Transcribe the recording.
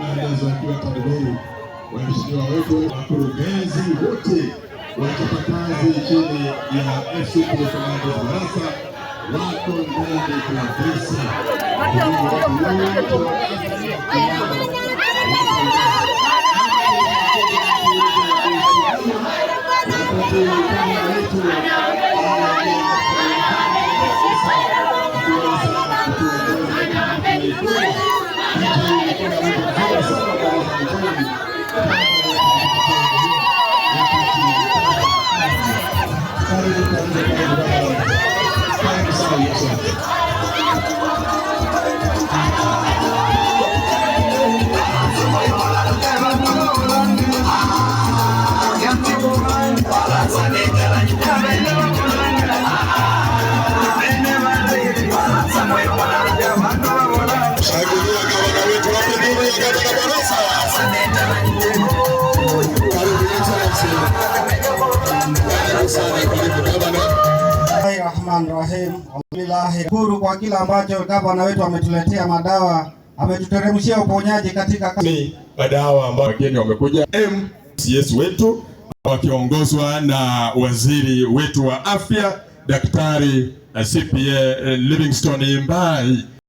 Maelezo yakiwa TAMINEI, waheshimiwa wetu wakurugenzi wote wachapakazi chini ya FC Perotemaji Tarasa wako ndani kabisa. Wapatilikana Thank you. Rahman Rahim. Alhamdulillah. Shukuru kwa kila ambacho gavana wetu ametuletea madawa, ametuteremshia uponyaji katika madawa ambayo wageni wamekuja. MCS wetu wakiongozwa na waziri wetu wa afya Daktari eh, CPA eh, Livingstone Imbai